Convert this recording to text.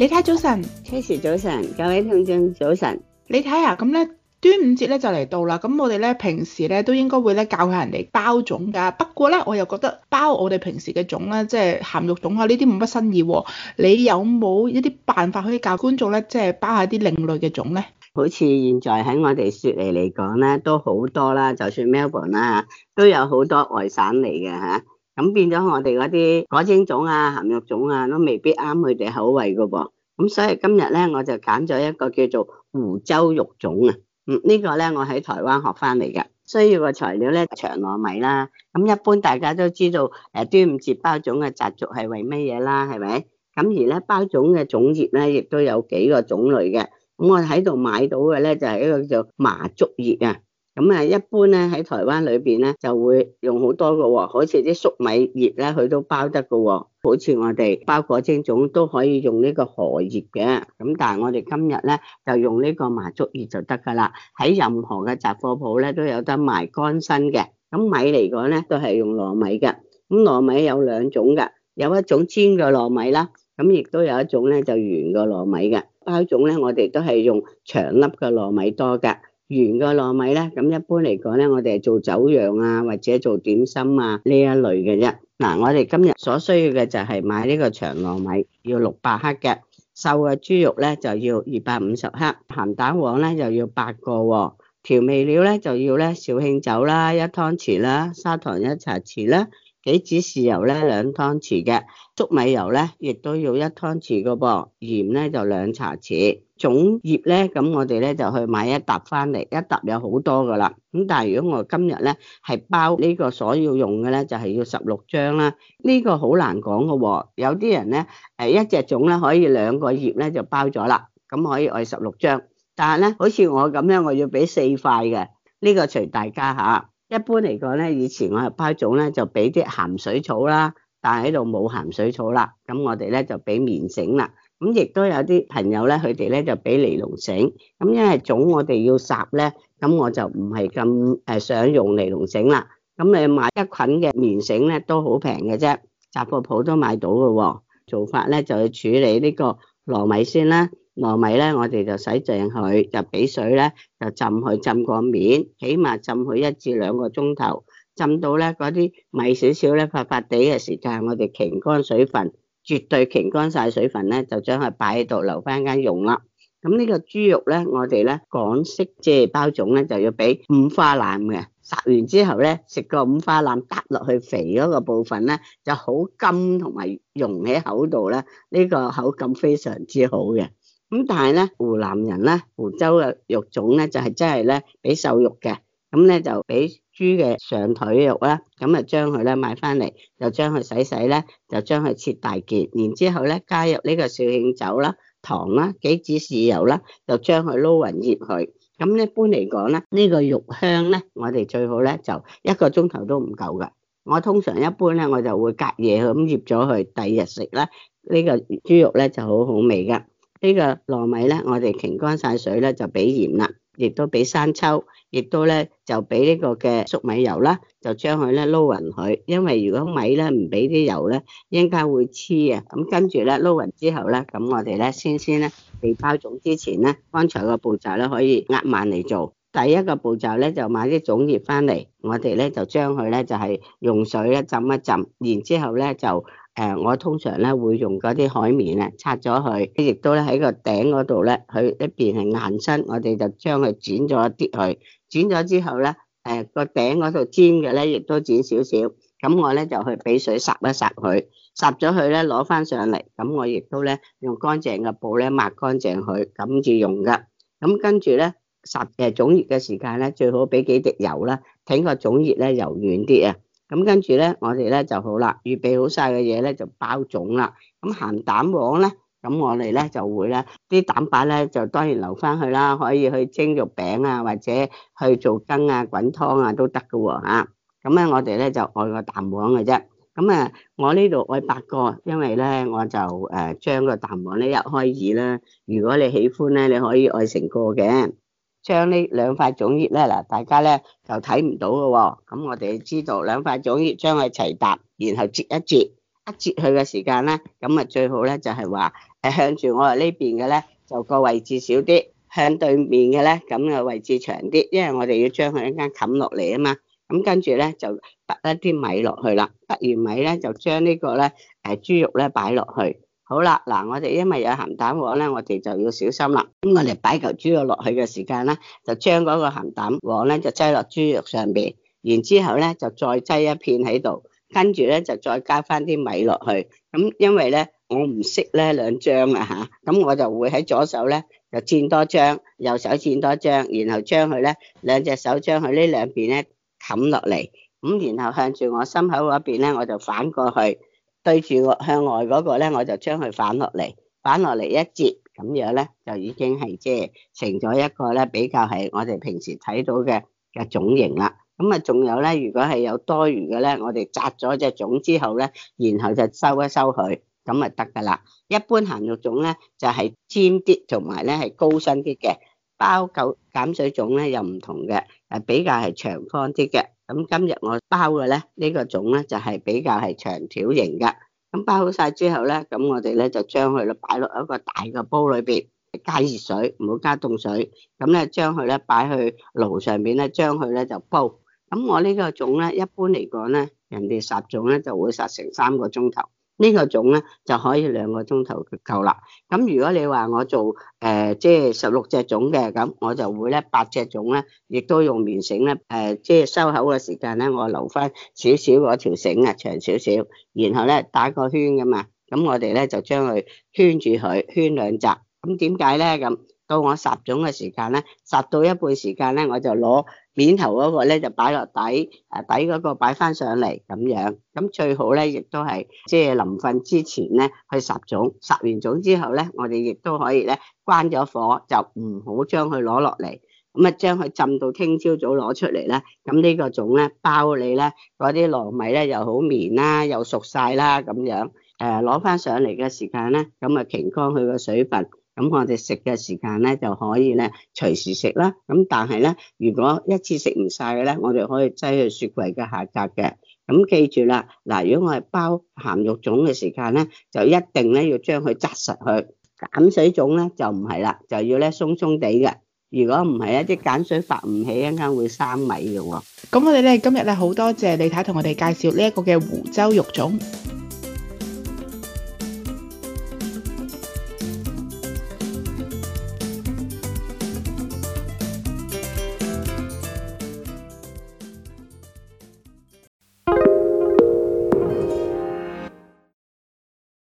你睇早晨 Casey 早晨，各位聽眾早晨。你睇下咁，咧端午節咧就嚟到啦。咁我哋咧平時咧都應該會咧教下人哋包粽噶。不過咧，我又覺得包我哋平時嘅粽咧，即係鹹肉粽啊，呢啲冇乜新意。你有冇一啲辦法可以教觀眾咧，即係包下啲另類嘅粽咧？好似現在喺我哋雪梨嚟講咧，都好多啦。就算 Melbourne 啦，都有好多外省嚟嘅咁變咗我哋嗰啲裹蒸粽啊、鹹肉粽啊，都未必啱佢哋口味噶噃。咁所以今日咧，我就揀咗一個叫做湖州肉粽啊。嗯，呢個咧我喺台灣學翻嚟噶。需要嘅材料咧，長糯米啦。咁一般大家都知道，誒，端午節包粽嘅習俗係為乜嘢啦？係咪？咁而咧，包粽嘅粽葉咧，亦都有幾個種類嘅。咁我喺度買到嘅咧，就係一個叫做麻竹葉啊。咁啊，一般咧喺台灣裏邊咧就會用好多嘅喎、哦，好似啲粟米葉咧佢都包得嘅喎、哦，好似我哋包裹蒸粽都可以用呢個荷葉嘅。咁但係我哋今日咧就用呢個麻竹葉就得噶啦。喺任何嘅雜貨鋪咧都有得賣乾身嘅。咁米嚟講咧都係用糯米嘅。咁糯米有兩種嘅，有一種尖嘅糯米啦，咁亦都有一種咧就圓嘅糯米嘅。包粽咧我哋都係用長粒嘅糯米多噶。圓個糯米咧，咁一般嚟講咧，我哋係做酒釀啊或者做點心啊呢一類嘅啫。嗱、啊，我哋今日所需要嘅就係買呢個長糯米，要六百克嘅瘦嘅豬肉咧就要二百五十克，鹹蛋黃咧、哦、就要八個，調味料咧就要咧紹興酒啦，一湯匙啦，砂糖一茶匙啦。杞子豉油咧，兩湯匙嘅，粟米油咧，亦都要一湯匙噶噃，鹽咧就兩茶匙，粽葉咧，咁我哋咧就去買一沓翻嚟，一沓有好多噶啦。咁但係如果我今日咧係包呢個所要用嘅咧，就係要十六張啦。呢個好難講噶，有啲人咧，誒，一隻粽咧可以兩個葉咧就包咗啦，咁可以愛十六張。但係咧，好似我咁樣，我要俾四塊嘅，呢個隨大家吓。一般嚟講咧，以前我包粽咧就俾啲鹹水草啦，但係喺度冇鹹水草啦，咁我哋咧就俾棉繩啦，咁亦都有啲朋友咧，佢哋咧就俾尼龍繩，咁因為粽我哋要紮咧，咁我就唔係咁誒想用尼龍繩啦，咁你買一捆嘅棉繩咧都好平嘅啫，雜貨鋪都買到噶喎。做法咧就去處理呢個糯米先啦。.糯米咧，我哋就洗淨佢，就俾水咧，就浸佢，浸個面，起碼浸佢一至兩個鐘頭，浸到咧嗰啲米少少咧發發地嘅時間，我哋擎乾水分，絕對擎乾晒水分咧，就將佢擺喺度留翻間用啦。咁呢個豬肉咧，我哋咧港式即係包粽咧，就要俾五花腩嘅，烚完之後咧，食個五花腩搭落去肥嗰個部分咧，就好甘同埋溶喺口度咧，呢個口感非常之好嘅。咁但係咧，湖南人咧，湖州嘅肉粽咧就係、是、真係咧，俾瘦肉嘅，咁咧就俾豬嘅上腿肉啦，咁啊將佢咧買翻嚟，就將佢洗洗咧，就將佢切大件，然之後咧加入呢個紹興酒啦、糖啦、杞子豉油啦，就將佢撈勻醃佢。咁一般嚟講咧，呢、這個肉香咧，我哋最好咧就一個鐘頭都唔夠噶。我通常一般咧，我就會隔夜咁醃咗佢，第二日食啦，呢、這個豬肉咧就好好味噶。呢個糯米咧，我哋擎乾晒水咧就俾鹽啦，亦都俾生抽，亦都咧就俾呢個嘅粟米油啦，就將佢咧撈勻佢。因為如果米咧唔俾啲油咧，應該會黐啊。咁跟住咧撈勻之後咧，咁我哋咧先先咧未包粽之前咧，剛才個步驟咧可以壓慢嚟做。第一個步驟咧就買啲粽葉翻嚟，我哋咧就將佢咧就係用水咧浸一浸，然之後咧就。誒，我通常咧會用嗰啲海綿咧拆咗佢，亦都咧喺個頂嗰度咧，佢一邊係硬身，我哋就將佢剪咗一啲佢，剪咗之後咧，誒個頂嗰度尖嘅咧，亦都剪少少，咁我咧就去俾水濕一濕佢，濕咗佢咧攞翻上嚟，咁我亦都咧用乾淨嘅布咧抹乾淨佢，撳住用噶，咁跟住咧濕誒腫熱嘅時間咧，最好俾幾滴油啦，整個腫熱咧柔軟啲啊。咁跟住咧，我哋咧就好啦，預備好晒嘅嘢咧就包粽啦。咁、嗯、鹹蛋黃咧，咁我哋咧就會咧啲蛋白咧就當然留翻去啦，可以去蒸肉餅啊，或者去做羹啊、滾湯啊都得噶喎嚇。咁咧我哋咧就愛個蛋黃嘅啫。咁、嗯、啊，我呢度愛八個，因為咧我就誒將個蛋黃咧一開二啦。如果你喜歡咧，你可以愛成個嘅。將呢兩塊粽葉咧嗱，大家咧就睇唔到噶喎，咁我哋知道兩塊粽葉將佢齊搭，然後折一折，一折去嘅時間咧，咁啊最好咧就係話，誒向住我哋呢邊嘅咧就個位置少啲，向對面嘅咧咁啊位置長啲，因為我哋要將佢一間冚落嚟啊嘛，咁跟住咧就揼一啲米落去啦，揼完米咧就將呢個咧誒豬肉咧擺落去。好啦，嗱，我哋因為有鹹蛋黃咧，我哋就要小心啦。咁我哋擺嚿豬肉落去嘅時間咧，就將嗰個鹹蛋黃咧就擠落豬肉上邊，然之後咧就再擠一片喺度，跟住咧就再加翻啲米落去。咁因為咧我唔識咧兩張啊吓，咁我就會喺左手咧就煎多張，右手煎多張，然後將佢咧兩隻手將佢呢兩邊咧冚落嚟，咁然後向住我心口嗰邊咧我就反過去。對住我向外嗰個咧，我就將佢反落嚟，反落嚟一折，咁樣咧就已經係即係成咗一個咧比較係我哋平時睇到嘅嘅種型啦。咁啊，仲有咧，如果係有多餘嘅咧，我哋紮咗隻種之後咧，然後就收一收佢，咁啊得噶啦。一般鹹肉粽咧就係、是、尖啲，同埋咧係高身啲嘅。包九鹼水粽咧又唔同嘅，誒比較係長方啲嘅。咁今日我包嘅咧呢個粽咧就係比較係長條型嘅。咁包好晒之後咧，咁我哋咧就將佢咧擺落一個大嘅煲裏邊，加熱水，唔好加凍水。咁咧將佢咧擺去爐上邊咧，將佢咧就煲。咁我呢個粽咧一般嚟講咧，人哋殺粽咧就會殺成三個鐘頭。呢個種咧就可以兩個鐘頭夠啦。咁如果你話我做誒、呃、即係十六隻種嘅，咁我就會咧八隻種咧，亦都用棉繩咧。誒、呃、即係收口嘅時間咧，我留翻少少嗰條繩啊，長少少，然後咧打個圈㗎嘛。咁我哋咧就將佢圈住佢，圈兩匝。咁點解咧？咁到我十種嘅時間咧，十到一半時間咧，我就攞。面頭嗰個咧就擺落底，誒底嗰個擺翻上嚟咁樣，咁最好咧亦都係即係臨瞓之前咧去撒種，撒完種之後咧，我哋亦都可以咧關咗火，就唔好將佢攞落嚟，咁啊將佢浸到聽朝早攞出嚟咧，咁呢個種咧包你咧嗰啲糯米咧又好綿啦，又熟晒啦咁樣，誒攞翻上嚟嘅時間咧，咁啊擎乾佢個水分。咁我哋食嘅時間咧就可以咧隨時食啦。咁但係咧，如果一次食唔晒嘅咧，我哋可以擠去雪櫃嘅下格嘅。咁記住啦，嗱，如果我係包鹹肉粽嘅時間咧，就一定咧要將佢紮實去。鹼水粽咧就唔係啦，就要咧鬆鬆地嘅。如果唔係咧，啲鹼水發唔起，一陣間會生米嘅。咁我哋咧今日咧好多謝李太同我哋介紹呢一個嘅湖州肉粽。